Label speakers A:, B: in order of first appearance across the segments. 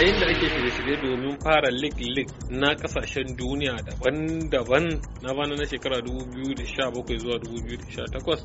A: yayin da ake shirye-shirye domin fara lig-lig na kasashen duniya daban-daban na bana na shekara 2017 zuwa 2018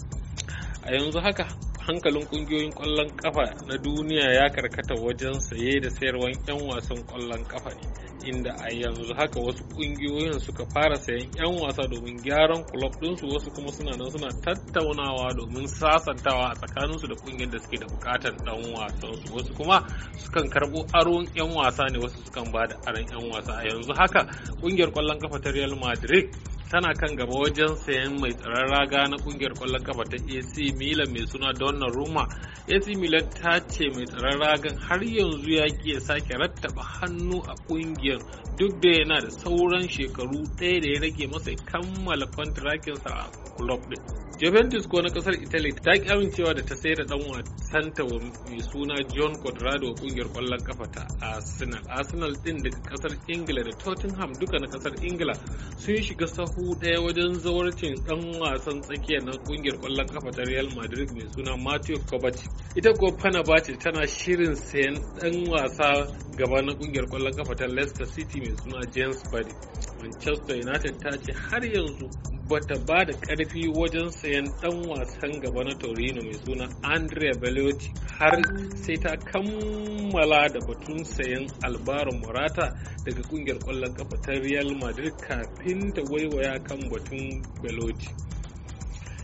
A: a yanzu haka hankalin kungiyoyin kwallon kafa na duniya ya karkata wajen saye da sayarwan 'yan wasan kwallon kafa ne inda a yanzu haka wasu kungiyoyin suka fara sayan 'yan wasa domin gyaran kulob ɗinsu wasu kuma suna nan suna tattaunawa domin sasantawa a tsakaninsu da kungiyar da suke da bukatar ɗan wasansu wasu kuma sukan karɓo aron 'yan wasa ne wasu sukan ba da aron 'yan wasa a yanzu haka kungiyar ƙwallon kafa ta real madrid tana kan gaba wajen sayan mai tsaron raga na kungiyar kwallon kafa ta AC Milan mai suna Donnarumma AC Milan ta ce mai tsaron ragan har yanzu ya ya sake rattaba hannu a kungiyar duk da yana da sauran shekaru ɗaya da ya rage masa kammala kwantarakinsa a club din. Juventus ko na kasar Italy ta ki amincewa da ta sayar da dan wasanta mai suna John Quadrado kungiyar kwallon kafa ta Arsenal. Arsenal din daga kasar Ingila da Tottenham duka na kasar Ingila sun shiga sahu ɗaya wajen zawarcin dan wasan tsakiya na kungiyar kwallon kafa ta Real Madrid mai suna Matthew Kovacic. ita fana bace tana shirin sayan dan wasa gaba na kungiyar kwallon kafa ta Leicester City mai suna James Vardy Manchester United ta ce har yanzu bata ba da karfi wajen sayan dan wasan gaba na Torino mai suna Andrea Belotti har sai ta kammala da batun sayan Alvaro Morata daga kungiyar kwallon kafa ta Real Madrid kafin ta waiwaya kan batun Belotti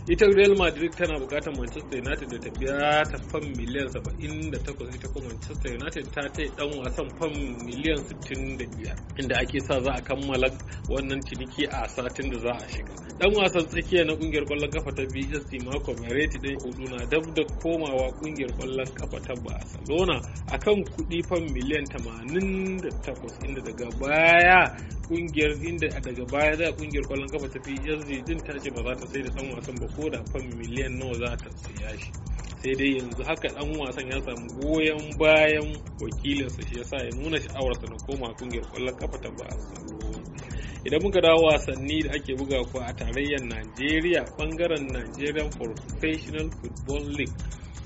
A: ita real madrid tana bukatar manchester united da ta biya ta fan miliyan 78 ita kuma manchester united ta ta dan wasan fan miliyan 65 inda ake sa za a kammala wannan ciniki a satin da za a shiga dan wasan tsakiya na kungiyar kwallon kafa ta bsd marco verratti dai hudu na dab da komawa kungiyar kwallon kafa ta barcelona akan kudi fan miliyan 88 inda daga baya kungiyar inda daga baya da kungiyar kwallon kafa ta bs din ta ce ba za ta sai da dan wasan ba ko da fan miliyan nawa za ta siya shi sai dai yanzu haka dan wasan ya samu goyon bayan wakilinsa shi yasa ya nuna sha'awarsa na koma kungiyar kwallon kafa ta Barcelona idan muka dawo wasanni da ake buga kuwa a tarayyar Najeriya bangaren Nigerian Professional Football League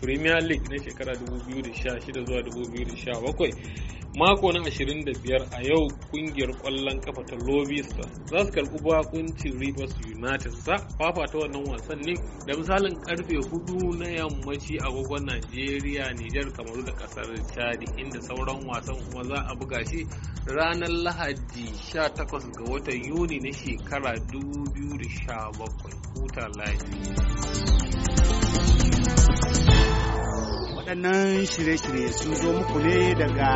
A: Premier League na shekara 2016 zuwa 2017 mako na 25 a yau kungiyar kwallon kafa ta lobista za su karbi bakuncin rivers united za fafa ta wannan wasan ne da misalin karfe hudu na yammaci a agogon nigeria niger kamaru da kasar chad inda sauran wasan kuma za a buga shi ranar lahadi 18 ga watan yuni na shekara 2017 huta waɗannan shirye-shirye sun zo muku ne daga